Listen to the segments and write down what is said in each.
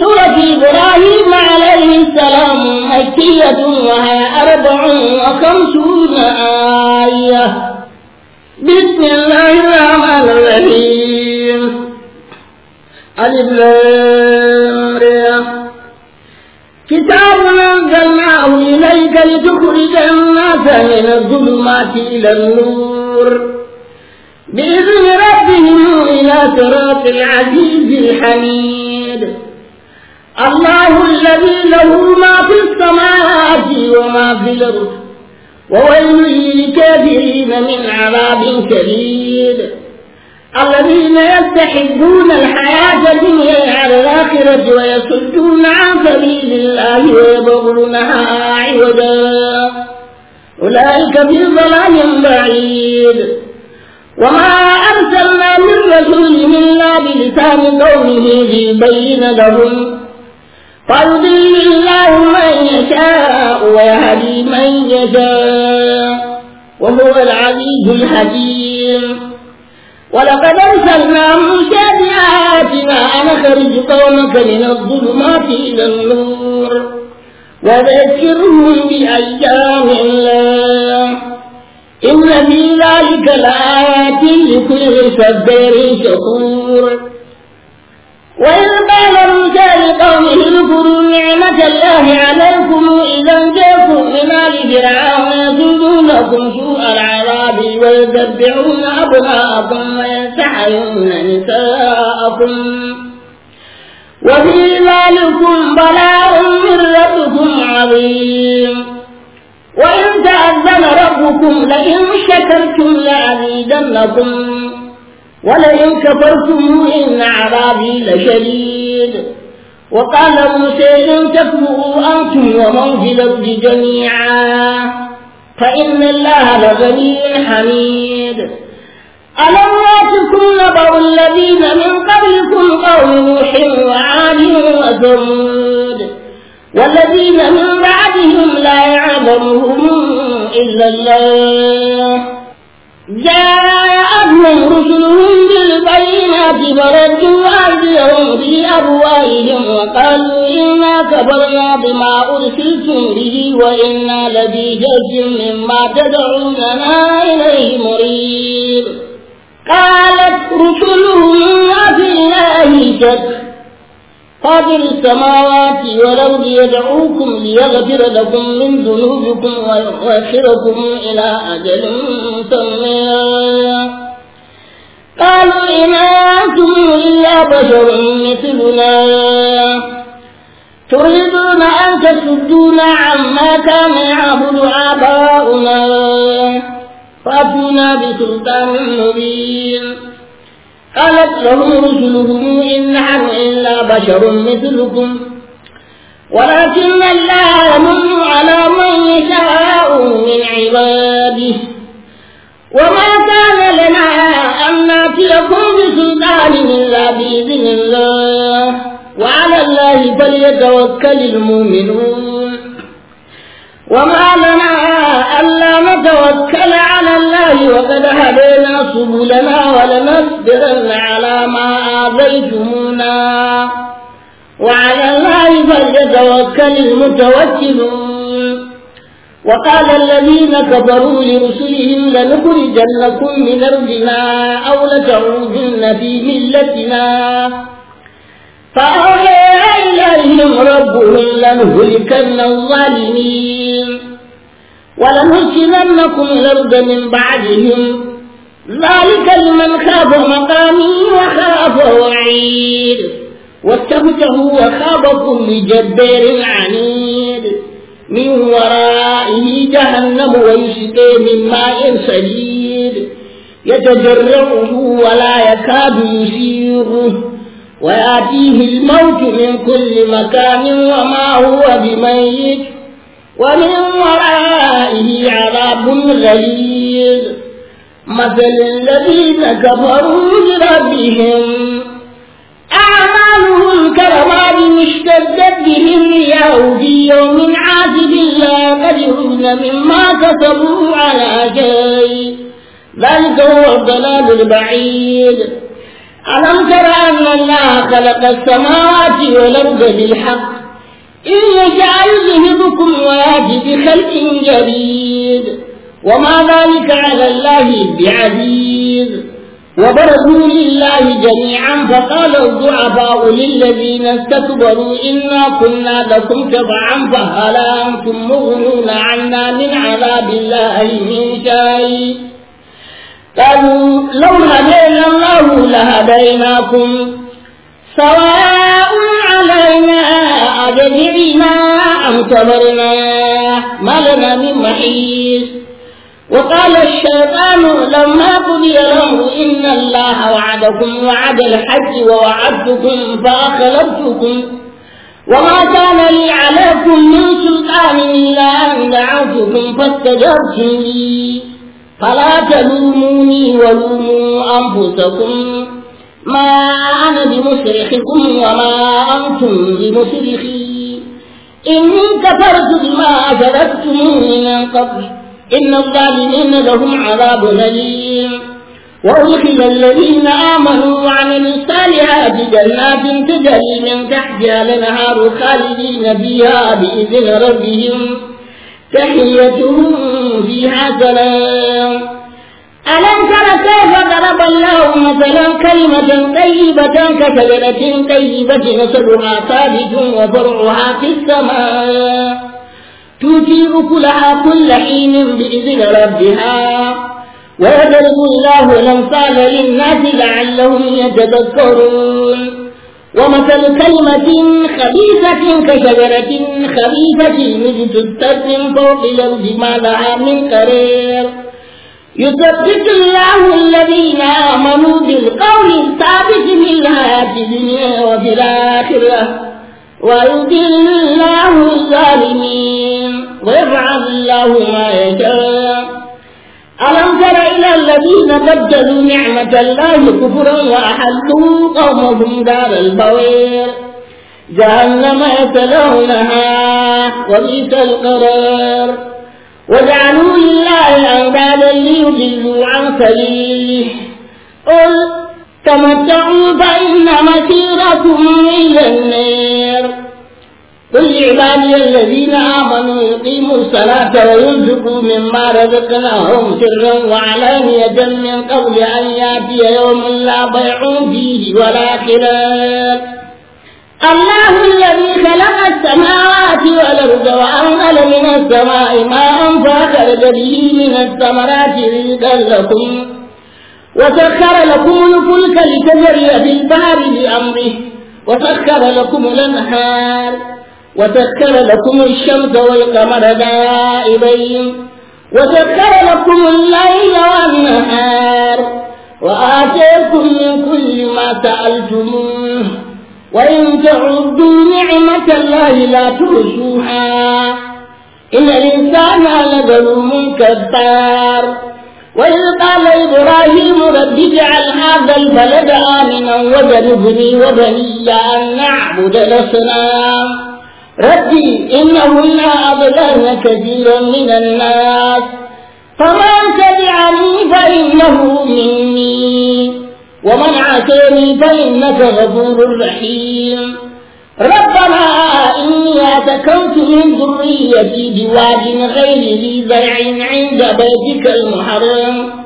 سورة إبراهيم عليه السلام مكية وهي أربع وخمسون آية بسم الله الرحمن الرحيم ألف كتاب أنزلناه إليك لتخرج الناس من الظلمات إلى النور بإذن ربهم إلى صراط العزيز الحميد الله الذي له ما في السماوات وما في الأرض وويل للكافرين من عذاب شديد الذين يستحبون الحياة الدنيا على الآخرة ويصدون عن سبيل الله ويبغونها عوجا أولئك في ظلام بعيد وما أرسلنا من رسول إلا بلسان قومه ليبين لهم فيضل الله من يشاء ويهدي من يشاء وهو العزيز الحكيم ولقد أرسلنا موسى بآياتنا أن أخرج قومك من الظلمات إلى النور وذكرهم بأيام الله إن في ذلك لآيات لكل صبر شكور وإذ قال موسى لقومه اذكروا نعمة الله عليكم إذا جاكم من آل فرعون يسودونكم سوء العذاب ويذبحون أبناءكم ويستحيون نساءكم وفي ذلكم بلاء من ربكم عظيم وإن تأذن ربكم لئن شكرتم لأزيدنكم ولئن كفرتم إن عذابي لشديد وقال موسى إن تكفروا أنتم ومن في الأرض جميعا فإن الله لغني حميد ألم يأتكم نبأ الذين من قبلكم قوم نوح وعاد وثمود والذين من بعدهم لا يعلمهم إلا الله جاءتهم رسلهم بالبينات فردوا أيديهم في أبوائهم وقالوا إنا كبرنا بما أرسلتم به وإنا لفي جد مما تدعوننا إليه مريب قالت رسلهم أفي الله جد فاطر السماوات والأرض يدعوكم ليغفر لكم من ذنوبكم ويؤخركم إلى أجل مسمى قالوا إن أنتم إلا بشر مثلنا تريدون أن تصدونا عما كان يعبد آباؤنا فأتونا بسلطان مبين قالت لهم رسلهم إن نحن إلا بشر مثلكم ولكن الله يمن على من يشاء من عباده وما كان لنا أن نأتيكم بسلطان إلا بإذن الله وعلى الله فليتوكل المؤمنون وما لنا ألا نتوكل على الله وقد هدينا سبلنا ولنصبرن على ما آذيتمونا وعلى الله فليتوكل المتوكلون وقال الذين كفروا لرسلهم لنخرجنكم من أرضنا أو لتعودن في ملتنا فأوحى إليهم ربهم لنهلكن الظالمين ولنسكننكم الأرض من بعدهم ذلك لمن خاف مقامي وخاف وعيد واستفتحوا وخاب كل جبار عنيد من وراء جهنم ويسقي من ماء سجيد يتجرعه ولا يكاد يسيغه ويأتيه الموت من كل مكان وما هو بميت ومن ورائه عذاب غليظ مثل الذين كفروا بربهم أعمالهم كرماد اشتدت به الرياح في يوم الناس إلا قدرون مما كسبوا على شيء ذلك هو الضلال البعيد ألم تر أن الله خلق السماوات والأرض بالحق إن يشاء يذهبكم ويأتي بخلق جديد وما ذلك على الله بعزيز وبرزوا لله جميعا فقال الضعفاء للذين استكبروا إنا كنا لكم تبعا فهل أنتم مغنون عنا من عذاب الله من شيء قالوا لو هدينا الله لهديناكم سواء علينا أجزعنا أم صبرنا ما لنا من محيص وقال الشيطان لما قضي الأمر إن الله وعدكم وعد الحج ووعدتكم فأخلفتكم وما كان لي عليكم من سلطان إلا أن دعوتكم فاستجبتم لي فلا تلوموني ولوموا أنفسكم ما أنا بمصرخكم وما أنتم بمصرخي إني كفرت بما أشركتم من قبل إن الظالمين لهم عذاب أليم وأدخل الذين آمنوا وعملوا الصالحات جنات تجري من تحتها الأنهار خالدين فيها بإذن ربهم تحيتهم فيها سلام ألم تر كيف ضرب الله مثلا كلمة طيبة كشجرة طيبة نصرها ثابت وفرعها في السماء تؤتي أكلها كل حين بإذن ربها ويضرب الله الأمثال للناس لعلهم يتذكرون ومثل كلمة خبيثة كشجرة خبيثة اجتثت من فوق الأرض ما لها من قرير يثبت الله الذين آمنوا بالقول الثابت في الحياة الدنيا وفي الآخرة ويضل الله الظالمين ويفعل الله ما يشاء ألم تر إلى الذين بدلوا نعمة الله كفرا وأحلوا قومهم دار البوير جهنم يتلونها وبئس القرار وجعلوا لله أندادا ليضلوا عن سبيله قل تمتعوا فإن مسيركم إلى النار قل لعبادي الذين آمنوا يقيموا الصلاة وينفقوا مما رزقناهم سرا وعلانية من قبل أن يأتي يوم لا بيع فيه ولا خلاف الله الذي خلق السماوات والأرض وأنزل من السماء ماء فأخرج به من الثمرات رزقا لكم وسخر لكم الفلك لتجري في البحر بأمره وسخر لكم الأنهار وسكر لكم الشمس والقمر دائبين وسكر لكم الليل والنهار وآتيكم من كل ما سألتموه وإن تعدوا نعمة الله لا تحصوها إن الإنسان لظلوم كبار وإذ قال إبراهيم رب اجعل هذا البلد آمنا وجنبني وبني أن نعبد الأصنام ربي إنهن أضللن كثيرا من الناس فمن تبعني فإنه مني ومن عاتاني فإنك غفور رحيم ربنا إني أتكوت من ذريتي بواد غير ذي زرع عند بيتك المحرم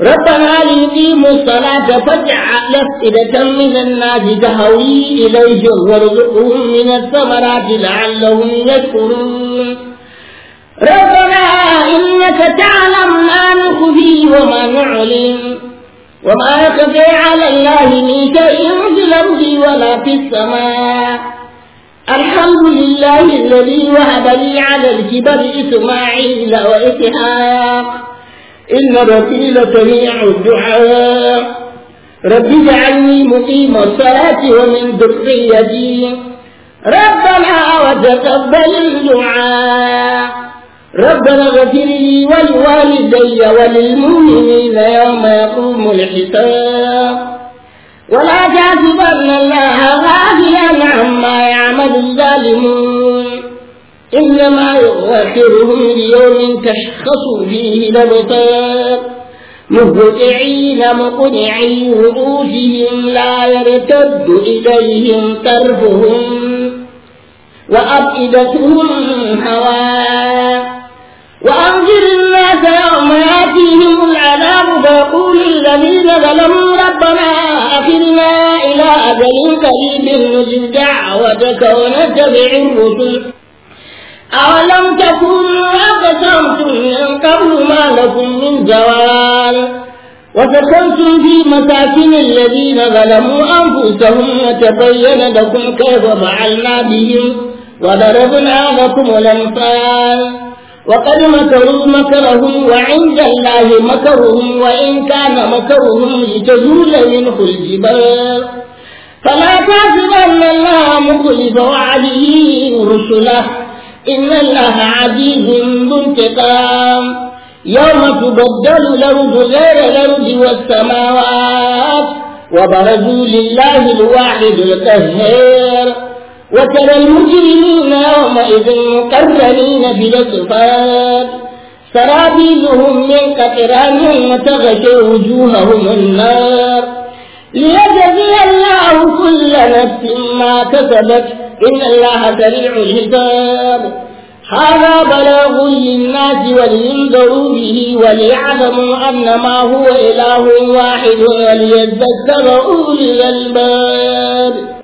ربنا ليقيموا الصلاة فاجعل أفئدة من الناس تهوي إليهم وارزقهم من الثمرات لعلهم يشكرون ربنا إنك تعلم ما نخفي وما نعلم وما يخفي على الله من شيء في الأرض ولا في السماء الحمد لله الذي وهب لي على الكبر إسماعيل وإسحاق إن ربي لسميع الدعاء رب اجعلني مقيم الصلاة ومن ذريتي ربنا وتقبل الدعاء ربنا اغفر لي ولوالدي وللمؤمنين يوم يقوم الحساب ولا تحسبن الله غافلا عما يعمل الظالمون إنما يؤخرهم ليوم تشخص فيه الأبصار مهطعين مقنعي رؤوسهم لا يرتد إليهم طرفهم وأفئدتهم هواء وأنذر الناس يوم يأتيهم العذاب فيقول الذين ظلموا ربنا أخرنا إلى أجل قريب نجب دعوتك ونتبع الرسل أولم تكونوا أقسمتم من قبل ما لكم من زوال وسكنتم في مساكن الذين ظلموا أنفسهم وتبين لكم كيف فعلنا بهم وضربنا لكم الأمثال وقد مكروا مكرهم وعند الله مكرهم وإن كان مكرهم لتزول منه الجبال فلا تحسبن الله مخلف وعده رسله إن الله عزيز ذو انتقام يوم تبدل الأرض غير الأرض والسماوات وبرزوا لله الواحد القهار وترى المجرمين يومئذ مقرنين في سرابيلهم من قطران وتغشى وجوههم النار ليجزي الله كل نفس ما كسبت إن الله سريع الحساب هذا بلاغ للناس ولينذروا به وليعلموا أن ما هو إله واحد وليذكر أولي الألباب